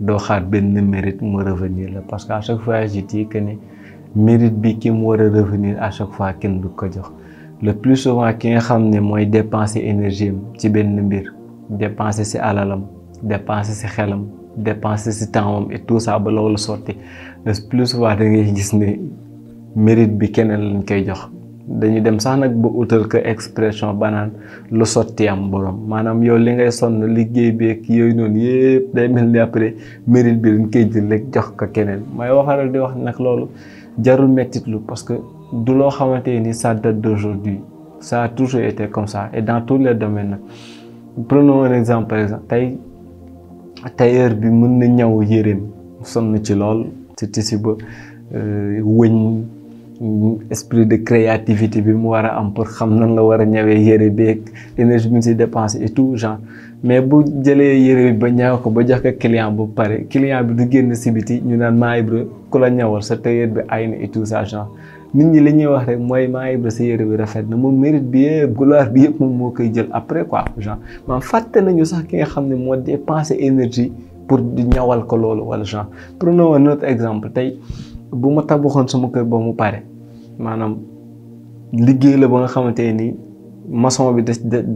doo xaar benn mérite mu revenir la parce que à chaque fois je dis que ne mérite bi ki mu war a revenir à chaque fois kenn du ko jox le plus souvent ki nga xam ne mooy dépenser énergie ci benn mbir dépenser si alalam dépenser si xelam dépenser si temps am et tout ça ba loolu sotti le plus souvent da gis ne mérite bi keneen lañ koy jox. dañu dem sax nag ba utal que expression banaan lu sotti am borom maanaam yow li ngay sonn liggéey beeg yooyu noonu yëpp day mel ni après mérite bi dañ koy jël rek jox ko keneen may waxal di wax nag loolu jarul mettitlu parce que du loo xamante ni ça date d'aujourd'hui ça a toujours été comme ça et dans tous les domaines nag prenons un exemple par exemple tey tailleur bi mën na ñaw yéreem sonn ci lool ci tisi ba euh, wëñ esprit de créativité bi mu war a am pour xam nan la war a ñawee yére beeg énergie bi mu si dépensé et tout genre mais bu jëlee yére bi ba ñaw ko ba jox ko client bu pare client bi du génn si biti ñu naan maa ibra ku la ñawal sa tailleur bi ay na et tout ça nit ñi li ñuy wax rek mooy maa ibra sa yére bi rafet na moom mérite bi yëpp gloire bi yëpp moom moo koy jël après quoi genre maam fàtte nañu sax ki nga xam ne moo dépensé énergie pour di ñawal ko loolu wala genre prenons exemple tey bu ma tabaxoon sama kër ba mu pare maanaam liggéey la ba nga xamante ni mason bi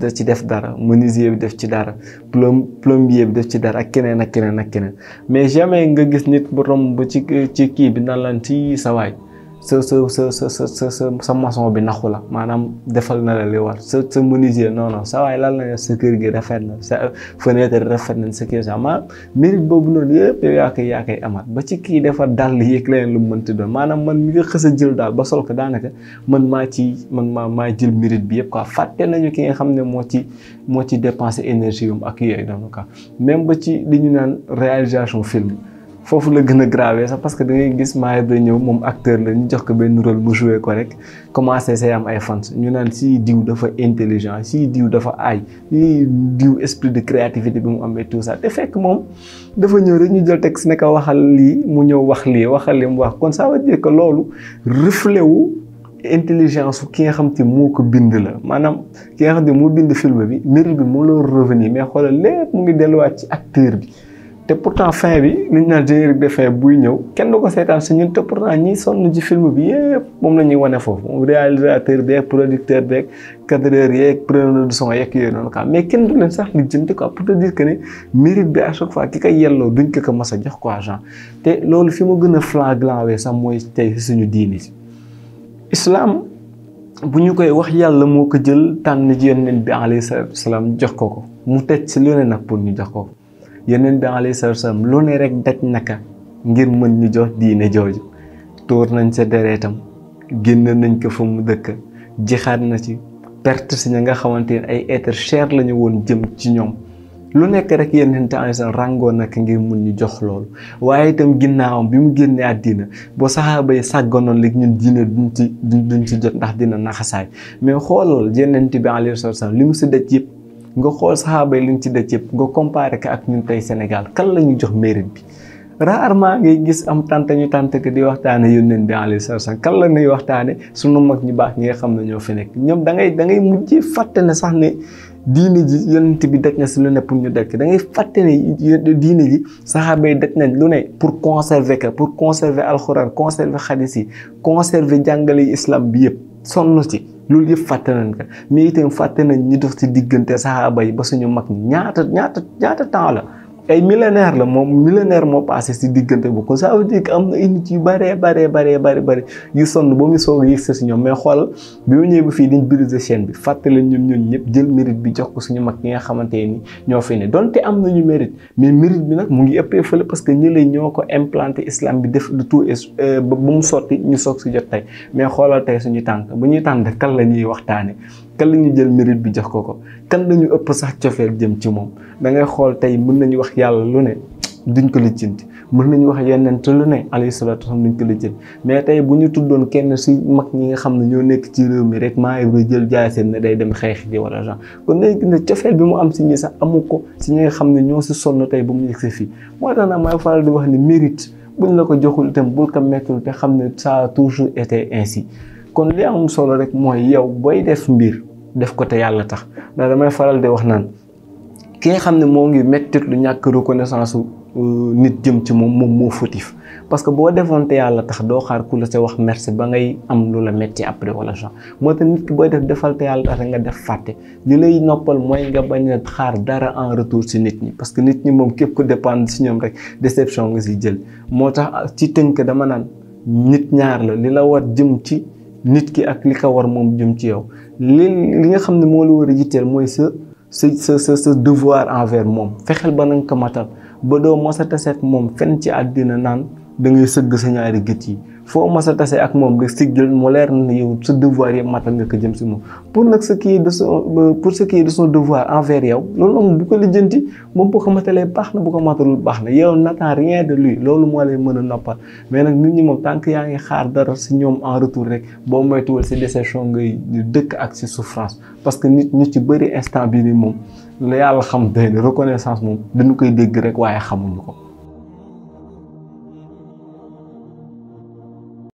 da ci def dara menuisier bi def ci dara plom plombier bi def ci dara ak keneen ak keneen ak keneen mais jamais nga gis nit bu ba ci ci kii bi naan laan ci sa waay sa sa sa sa sa sa sa maçon bi naxu la maanaam defal na la li war sa sa menuisier non sa waay lal na sa kër gi rafet na sa fenêtre rafet na sa kii sax maanaam mérite boobu noonu yëpp yow yaa koy yaa koy amat ba ci kii defar dàll yéeg leneen lu mu mënti doon maanaam man mi nga xës a jël daal ba sol ko daanaka man maa ci man maa maa jël mérite bi yëpp quoi fatte nañu ki nga xam ne moo ci moo ci dépenser énergie yum ak yooyu noonu quoi même ba ci li ñu naan réalisation film. foofu la gën a grave sax parce que da ngay gis Maya da ñëw moom acteur la ñu jox ko benn role mu joué ko rek commencé say am ay fans ñu naan si diw dafa intelligent si diw dafa aay si diw esprit de créativité bi mu amee tout sax te fekk moom dafa ñëw rek ñu jël texte ne ko waxal lii mu ñëw wax lii waxal li mu wax kon ça veut dire que loolu reflet wu intelligence ki nga xam te moo ko bind la maanaam ki nga xam te moo bind film bi mérite bi mu loolu revenir mais xoolal mu ngi delluwaat ci acteur bi. te pourtant fin bi li ñu naan générique de fin buy ñëw kenn du ko seetaan si ñun te pourtant ñi sonn ci film bi yëpp moom la ñuy wane foofu moom réalisateur beeg producteur beeg cadreur yeeg preneur de son yeeg yooyu noonu quoi mais kenn du leen sax li jënd quoi pour te dire que ne mérite bi à chaque fois ki koy yelloo duñ ko ko mas a jox quoi genre te loolu fi ma gën a flagrant wee sax mooy tey si suñu diini si islam bu ñu koy wax yàlla moo ko jël tànn ci bi alayhi salaam jox ko mu teg si lu pour ñu jox ko yeneen bi alayhi salaam lu ne rek daj naka ngir mën ñu jox diine jooju tuur nañ sa deretam génne nañ ko fa mu dëkk jixaat na ci perte si ña nga xamante ne ay être cher la ñu woon jëm ci ñoom lu nekk rek yeneen alayhi salaam ràngoo naka ngir mun ñu jox loolu waaye itam ginnaawam bi mu génnee àddina boo saxaaba yi sàgganoon léegi ñun diine duñ ci duñ ci jot ndax dina naxasaay mais xoolal yeneen bi alayhi salaam li mu si daj yëpp nga xool saxaaba lu lañ ci daj yëpp nga comparé ko ak ñu tey Sénégal kan la ñu jox mérite bi rarement ngay gis am tante ñu tante ko di waxtaane yónneen bi alayhi salaam kan la ñuy waxtaane sunu mag ñu baax ñi nga xam ne ñoo fi nekk ñoom da ngay da ngay mujjee fàtte ne sax ne diine ji yonent bi daj na si lu ne pour ñu daj ko da ngay fàtte ne diine ji saxaaba nañ lu ne pour conservé ko pour conserver alxuraan conserver xadis yi conserver jàngale islam bi yëpp sonn ci loolu yëpp fàtte nañ ko mais itam fàtte nañ ñu dox ci diggante saxaaba yi ba suñu mag ñaata ñaata ñaata temps la ay millénaire la moom millénaire moo passé si diggante bu ko ça veut dire am na ay nit yu bëree bëree bëree bëri bëri yu sonn ba mu soog a yëg si ñoom mais xoolal bi mu ñëwee ba fii dañ briser chaîne bi fàtte leen ñun ñun ñëpp jël mérite bi jox ko suñu mag ñi nga xamante ni ñoo fi ne donte am na ñu mérite mais mérite bi nag mu ngi ëppee fële parce que ñi lay ñoo ko implanté islam bi def du tout euh, ba mu sotti ñu soog si jot tey mais xoolal tey suñu tànk bu ñuy tànn kan la ñuy waxtaane kan la ñu jël mérite bi jox ko ko kan la ñu ëpp sax cofeel jëm ci moom da ngay xool tey mën nañu wax yàlla lu ne duñ ko lijjanti mën nañu wax yeneen te lu ne alayhi salaatu wasallam duñ ko lijjanti mais tey bu ñu tuddoon kenn si mag ñi nga xam ne ñoo nekk ci réew mi rek maa ngi jël jaay seen ne day dem xeex ji wala genre kon léegi ne bi mu am si ñi sax amu ko si ñi xam ne ñoo si sonn tey ba mu yegg si fii moo tax nag may faral wax ni mérite buñ la ko joxul itam bul ko mettul xam ne ça toujours été ainsi kon li am solo rek mooy yow booy def mbir. def ko te yàlla tax ndax damay faral di wax naan ki nga xam ne moo ngi mettit lu ñàkk reconnaissance euh, nit jëm ci moom moom moo fautif parce que boo defoon te yàlla tax doo xaar ku la sa wax merci ba ngay am lu la metti après wala genre moo tax nit ki booy def defal te yàlla tax nga def fàtte li lay noppal mooy nga bañ xaar dara en retour si nit ñi parce que nit ñi moom képp ku dépendre si ñoom rek déception nga si jël moo tax ci tënk dama naan nit ñaar la nit ki ak li ko war moom jëm ci yow li li nga xam ne moo la war a yitteel mooy sa sa sa sa devoir envers moom fexeel ba nanga ko matal ba doo mos a moom fenn ci àddina naan da sëgg sa ñaari gët yi foo mas a ak moom da sig jël mu leer na yow sa devoir yëpp matal nga ko si moom pour nag sa qui de son pour ce qui est de son devoir envers yow loolu moom bu ko lijjanti moom bu ko matalee baax na bu ko matalul baax na yow n'attends rien de lui loolu moo lay mën a noppal mais nag nit ñi moom tant yaa ngi xaar dara si ñoom en retour rek boo moytuwul si déception ngay dëkk ak si souffrance parce que nit ñu ci bëri instant bii ni moom la yàlla xam day reconnaissance moom dañu koy dégg rek waaye xamuñu ko